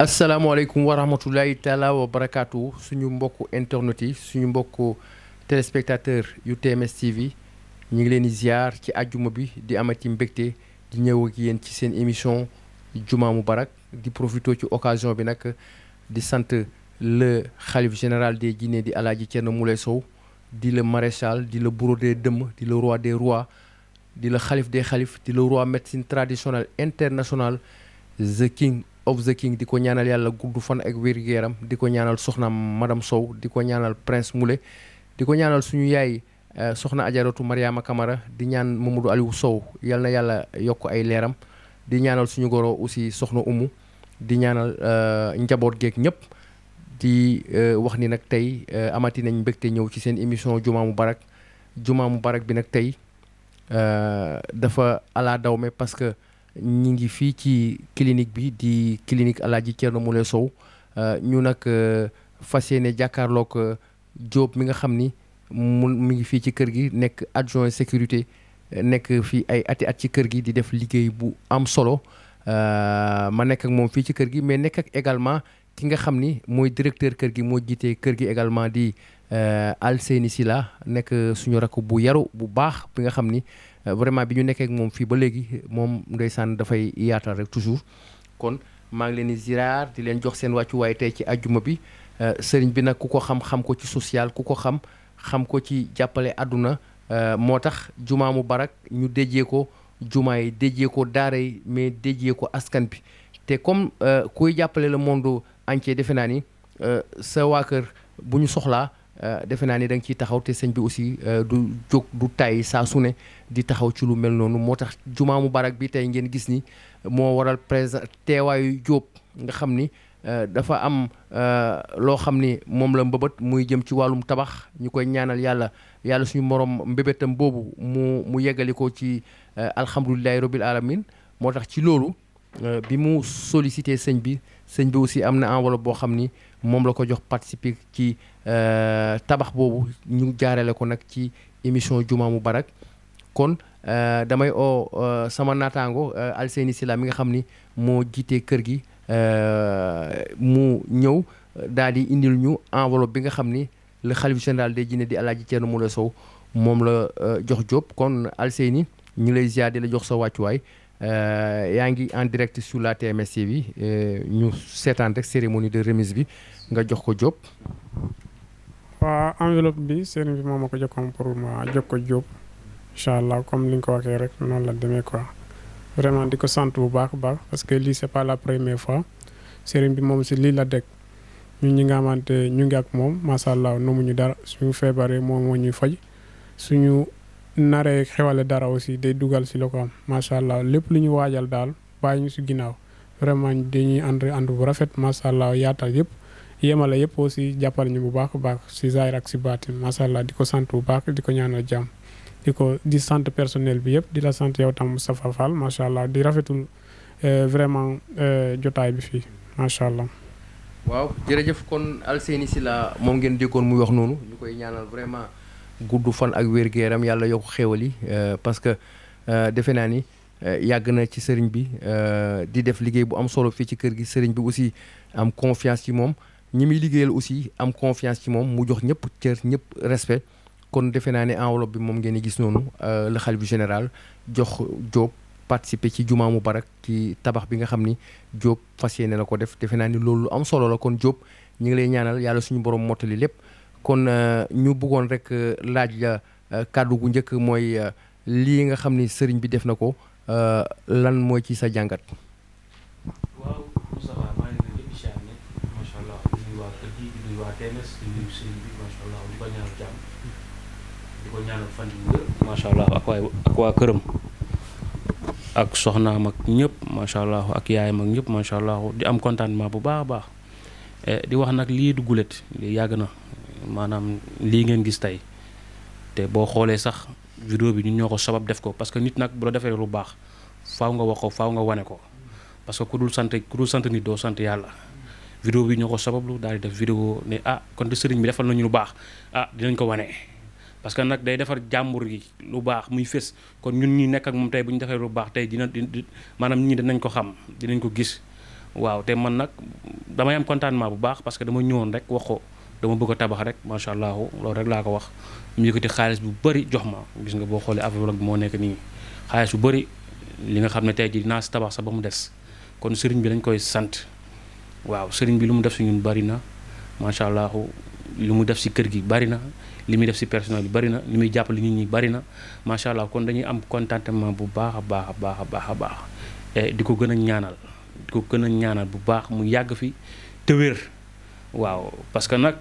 asalaamaaleykum wa rahmatulahi taala wa barakaatu suñu mbokku internet suñu mbokku téléspectateur yu TMS TV ñu ngi leen di ziar ci àjjuma bi di amati mbégte di ñëw ak ci seen émission Juma Mubarak di profito ci occasion bi nag di sant le xalif général des Guinées di Alaaji Thierno Moulay Sow di la maréchal di la bourreau de demm di le roi des rois di la xalif de xalif di le roi médecine traditionnelle internationale the king of the king di ko ñaanal yàlla gudd fan ak wér-gu-yaram di ko ñaanal soxna madame Sow di ko ñaanal prince Moulé di ko ñaanal suñu yaay eh, soxna ajaratu Mariama Kamara di ñaan Mamadou Aliou Sow yal na yàlla yokk ay leeram di ñaanal suñu goro aussi soxna umu di ñaanal eh, njaboot geeg ñëpp di eh, wax ni nag tey amati nañ mbégte ñëw ci seen émission Jumaa Mubarak Jumaa Mubarak bi nag tey dafa ala daw ñu ngi fii ci clinique bi di clinique Alaaji Thierno Moule Sow euh, ñu nag euh, fas yéene jàkkaarlook euh, Diop mi nga xam ni mu mi ngi fii ci kër gi nekk adjoint sécurité nekk fii ay ati at ci kër gi di def liggéey bu am solo ma nekk ak moom fii ci kër gi mais nekk ak également ki nga xam ni mooy directeur kër gi moo jiitee kër gi également di Alseyni Sila nekk suñu rakk bu yaru bu baax bi nga xam ni Euh, vraiment bi ñu nekkee ak moom fii ba léegi moom ngay ndeysaan dafay yaatal rek toujours kon maa ngi leen di ziar di leen jox seen wàccuwaay tey ci àjjuma bi euh, sëriñ bi nag ku ko xam xam ko ci social ku ko xam xam ko ci jàppale àdduna euh, moo tax jumaa mu barak ñu déjee ko jumaa yi déjee ko daara yi mais déjee ko askan bi te comme kuy jàppale la le monde entier defe naa ni sa waa kër bu ñu soxlaa Euh, defe naa ni da nga ciy taxaw te sëñ bi aussi euh, du jóg du tay saa su ne di taxaw ci lu mel noonu moo tax jumaa mubarak bi tey ngeen gis ni moo waral présent teewaayu jóob nga xam ni euh, dafa am loo xam ni moom la mbëbët muy jëm ci wàllum tabax ñu koy ñaanal yàlla yàlla suñu morom mbébétam boobu mu mu yeggali ko ci alhamdulilahi rabbil alamin moo tax ci loolu bi mu sollicité sëñ bi sëñ bi aussi am na enveloppe boo xam ni moom la ko jox participer ci euh, tabax boobu ñu jaareele ko nag ci émission Jumaa Mubarak kon euh, damay oo euh, sama naataango Alseyni Sila mi nga xam ni moo jiitee kër gi mu ñëw daal di indil ñu enveloppe bi nga xam ni le xalif général des jinne di Alaaji mu Moule Sow moom la jox Diop kon Alseyni ñu lay ziar di la jox sa wàccuwaay Euh, yaa ngi en direct sur la TMS TV bi euh, ñu seetaan rek cérémonie de remise bi nga jox ko Diop. waaw enveloppe bi sëriñ bi moom ma ko jokkoon pour ma jox ko Diop incha allah comme ni nga ko waxee rek noonu la demee quoi vraiment di ko sant bu baax a baax parce que lii c'est pas la première fois sëriñ bi moom si lii la dëkk ñun ñi nga xamante ñu ngi ak moom macha allah noomuñu dara suñu feebaree moom moo ñuy faj suñu. naree xewale dara aussi day dugal si loxoom macha allah lépp lu ñu waajal daal bàyyi ñu si ginnaaw vraiment dañuy ànd ànd bu rafet macha allah yaatal yëpp yemale yëpp aussi jàppal ñu bu baax a baax si zaahir ak si baatin macha allah di ko sant bu baax di ko ñaanal jàmm. di ko di sant personnel bi yëpp di la sant yow tam Moustapha Fall macha allah di rafetul euh, vraiment euh, jotaay bi fii macha allah. waaw jërëjëf kon si la moom ngeen déggoon muy wax noonu ñu gudd fan ak wér-gu-yaram yàlla yokk xéewal yi euh, parce que euh, defe naa ni euh, yàgg na ci sëriñ bi di def liggéey bu am solo fii ci kër gi sëriñ bi aussi am confiance ci moom ñi muy liggéeyal aussi am confiance ci moom mu jox ñëpp cër ñëpp respect kon defe naa ne enveloppe bi moom ngeen di gis noonu le xalifa général jox Diop participer ci jumaa Mubarak ci tabax bi nga xam ni Diop fas yéene la ko def defe naa ni loolu lu am solo la kon Diop ñu ngi lay ñaanal yàlla suñu borom mottali lépp. kon euh, ñu buggoon rek euh, laaj la euh, kàddu gu njëkk mooy lii nga xam ni sëriñ bi def na ko lan mooy ci sa jàngat. waaw Moussa maa ak waa ak waa këram ak soxnaam ak ñëpp macha allah ak yaayam ak ñëpp macha allah di am contentement bu baax a baax eh, di wax nag lii du gulet lii yàgg na. maanaam lii ngeen gis tey te boo xoolee sax vidéo bi ñu ñoo ko sabab def ko parce que nit nag bu la defee lu baax faw nga wax ko faw nga wane ko parce que ku dul sant ku dul sant nit doo sant yàlla. vidéo bi ñoo ko sabablu daal di def vidéo ne ah kon de sëriñ bi defal nañu lu baax ah dinañ ko wane parce que nag day defar jàmbur yi lu baax muy fés kon ñun ñi nekk ak moom tey bu ñu defee lu baax tey dina maanaam ñi dinañ ko xam dinañ ko gis waaw te man nag damay am contentement bu baax parce que dama ñëwoon rek wax dama bëgg a tabax rek macha allah loolu rek laa ko wax mu yëkkati xaalis bu bëri jox ma gis nga boo xoolee affaire bi moo nekk nii xaalis bu bëri li nga xam ne tey jii dinaa si tabax sax ba mu des kon sëriñ bi lañ koy sant waaw sëriñ bi lu mu def si ñun bari na macha allah li mu def si kër gi bari na li muy def si personnel bi bari na li muy jàppale nit ñi bari na macha allah kon dañuy am contentement bu baax a baax a baax a baax a baax eh, di ko gën a ñaanal di ko gën a ñaanal bu baax mu yàgg fi te waaw parce que nag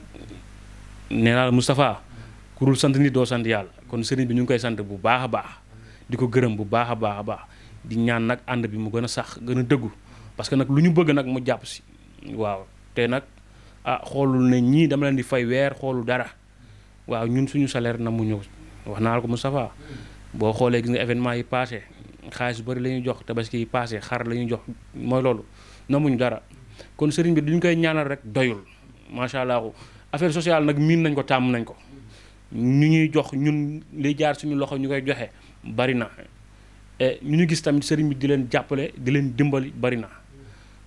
nee naa la Moustapha ku sant nit doo sant yàlla kon sëriñ bi ñu ngi koy sant bu baax a baax di ko gërëm bu baax a baax a baax di ñaan nag ànd bi mu gën a sax gën a dëggu parce que nag lu ñu bëgg nag mu jàpp si waaw te nag ah xoolul ne ñii dama leen di fay weer xoolu dara waaw ñun suñu salaire na mu ñëw wax naa la ko Moustapha boo xoolee gis nga événement yi passé xaalis bëri la ñuy jox tabaski yi passé xar la ñuy jox mooy loolu namuñu dara kon sëriñ bi duñ koy ñaanal rek doyul macha allah affaire sociale nag miin nañ ko tàmm nañ ko ñu ñuy jox ñun li jaar suñu loxo ñu koy joxe bari na e ñu ñu gis tamit sëriñ bi di leen jàppale di leen dimbali bari na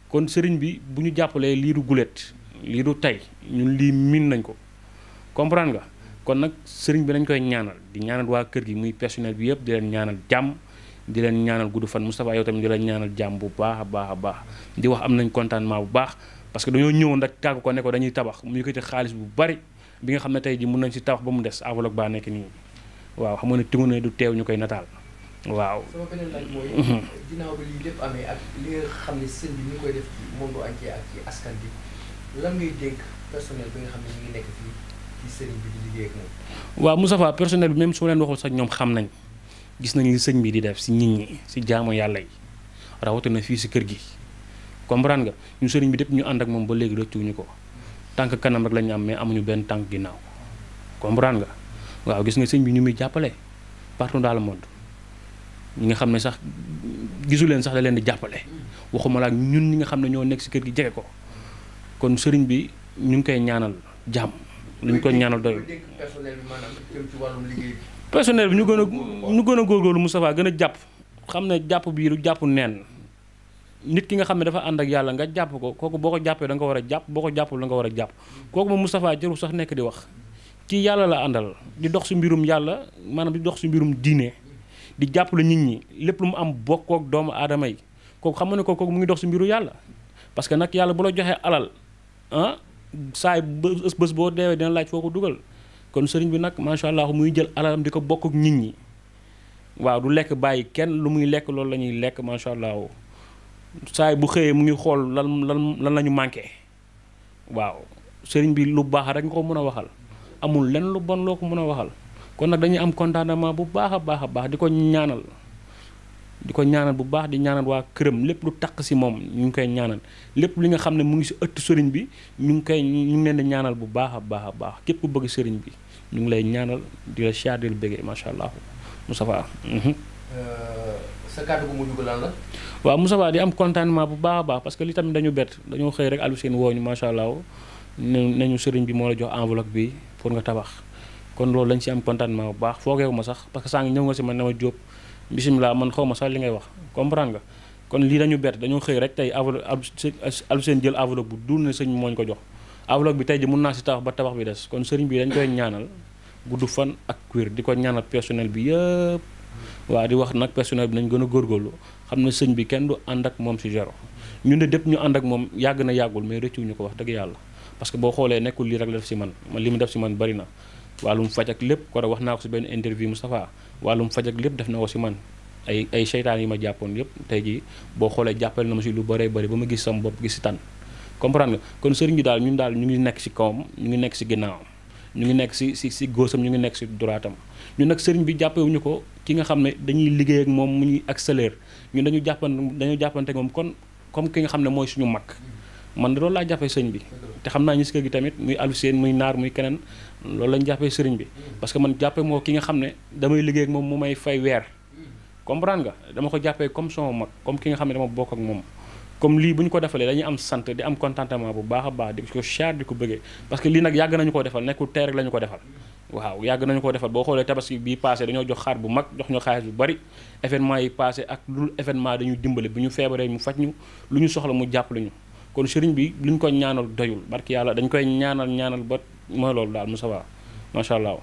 kon sëriñ bi bu ñu jàppalee lii du guléet lii du tey ñun lii miin nañ ko comprendre nga kon nag sëriñ bi nañ koy ñaanal di ñaanal waa kër gi muy personnel bi yëpp di leen ñaanal jàmm di leen ñaanal gudd fan Moustapha yow tamit di leen ñaanal jàmm bu baax a baax a baax di wax am nañ contentement bu baax parce que dañoo ñëwoon rek tàggu ko ne ko dañuy tabax mu yëkkati xaalis bu bari bi nga xam ne tey ji mën nañ si tabax ba mu des enveloppe baa nekk nii waaw xam nga ne du teew ñu koy nataal waaw. sama beneen laaj mooy. Mhm. ginnaaw bi lii sëñ bi ñu koy def ci monde entier ngay dénk personnel bi nga xam ne ñu ngi nekk fii ci sëriñ bi di liggéey ak moom. waaw Moustapha personnel bi même su ma leen waxul sax ñoom xam nañ gis nañ sëñ bi di def si nit ñi ci jaamu yàlla yi rawatina fii si kër gi comprendre nga ñu sëriñ bi depuis ñu ànd ak moom ba léegi rëccuñu ko tànk kanam rek la ñu am mais amuñu benn tànk ginnaaw comprendre nga waaw gis nga sëñ bi ñu muy jàppale partout dans le monde ñi nga xam ne sax gisu leen sax da leen di jàppale waxuma la ak ñun ñi nga xam ne ñoo nekk si kër gi jege ko kon sëriñ bi ñu ngi koy ñaanal jàmm lu ñu koy ñaanal doyul personnel bi ñu gën a ñu gën a góorgóorlu Moustapha gën a jàpp xam ne jàpp bii du neen nit ki nga xam ne dafa ànd ak yàlla nga jàpp ko kooku boo ko jàppee da nga war a jàpp boo ko jàppul da nga war a jàpp kooku moom Moustapha jëru sax nekk di wax kii yàlla la àndal di dox si mbirum yàlla maanaam di dox si mbirum diine di jàppale nit ñi lépp lu mu am bokkook doomu aadama yi kooku xam nga ne kooku mu ngi dox si mbiru yàlla parce que nag yàlla bu la joxee alal ah saay bës bës boo deewee dina laaj foo ko dugal kon sëriñ bi nag macha allah muy jël alalam di ko bokk nit ñi waaw du lekk bàyyi kenn lu muy lekk loolu la ñuy lekk macha allah saay bu xëyee mu ngi xool lan lan lan la ñu manqué waaw sëriñ bi lu baax rek nga ko mën a waxal amul lenn lu bon loo ko mën a waxal kon nag dañuy am contentement bu baax a baax a baax di ko ñaanal di ko ñaanal bu baax di ñaanal waa këram lépp lu taq si moom ñu ngi koy ñaanal lépp li nga xam ne mu ngi si ëtt sëriñ bi ñu ngi koy ñu ngi leen di ñaanal bu baax a baax a baax képp ku bëgg sëriñ bi ñu ngi lay ñaanal di la siyaar di la bëggee macha allah Moustapha mhm. euh, sa kàddu gu mujj lan la. waaw Moussa Ba di am contentement bu baax a baax parce que li tamit dañu bett dañoo xëy rek Aliou Sène wooñu macha allah nañu sëriñ bi moo la jox enveloppe bi pour nga tabax kon loolu lañ ci am bu baax foogeewu ma sax parce que sànq ñëw nga ci man dama jóob bisimilah man xaw ma sax li ngay wax comprendre kon lii dañu bett dañoo xëy rek tey enveloppe Aliou Sène jël enveloppe bu dul na sëñ mooñ ko jox enveloppe bi tey ji mun naa si tabax ba tabax bi des kon sëriñ bi dañ koy ñaanal gudd fan ak wér di ko ñaanal personnel bi yëpp waaw di wax nag personnel bi nañ gën a góorgóorlu xam na sëñ bi kenn du ànd ak moom si zéro ñu ne dépp ñu ànd ak moom yàgg na yàggul mais ñu ko wax dëgg yàlla parce que boo xoolee nekkul lii rek la def si man li mu def si man bari na wàllum faj ak lépp kon wax naa ko si benn interview Moustapha wàllum faj ak lépp def na ko si man ay ay seytaan yi ma jàppoon yépp tey jii boo xoolee jàppale na ma si lu bëree bëri ba ma gis sama bopp gis si tan comprendre kon sëriñ daal ñun daal ñu ngi nekk si kawam ñu ngi nekk si ginnaawam ñu ngi nekk si si si góosam ñu ngi nekk si droitam ñu nag sëriñ bi jàppewuñu ko ki nga xam ne dañuy liggéey ak moom mu ñuy accélère ñun dañu jàppan dañu jàppante moom kon comme ki nga xam ne mooy suñu mag man loolu laa jàppee sëñ bi te naa ñi si kër tamit muy alfuseen muy naar muy keneen loolu lañ jàppee sëriñ bi parce que man jàppee moo ki nga xam ne damay liggéey ak moom mu may fay weer comprendre nga dama ko jàppee comme sama mag comme ki nga xam ne dama bokk ak moom comme lii bu ñu ko defalee dañuy am sant di am contentement bu baax a baax di ko char di ko bëggee parce que lii nag yàgg nañu ko defal nekkul tey rek la ko defal waaw yàgg nañu ko defal boo xoolee tabaski bii passé dañoo jox xaar bu mag jox ñu xaalis bu bari événement yi passé ak lu événement dañu dimbale bu ñu feebaree mu faj ñu lu ñu soxla mu jàppale ñu kon sëriñ bi lu ñu ko ñaanal doyul barki yàlla dañ koy ñaanal ñaanal ba mooy loolu daal mu sa macha allah.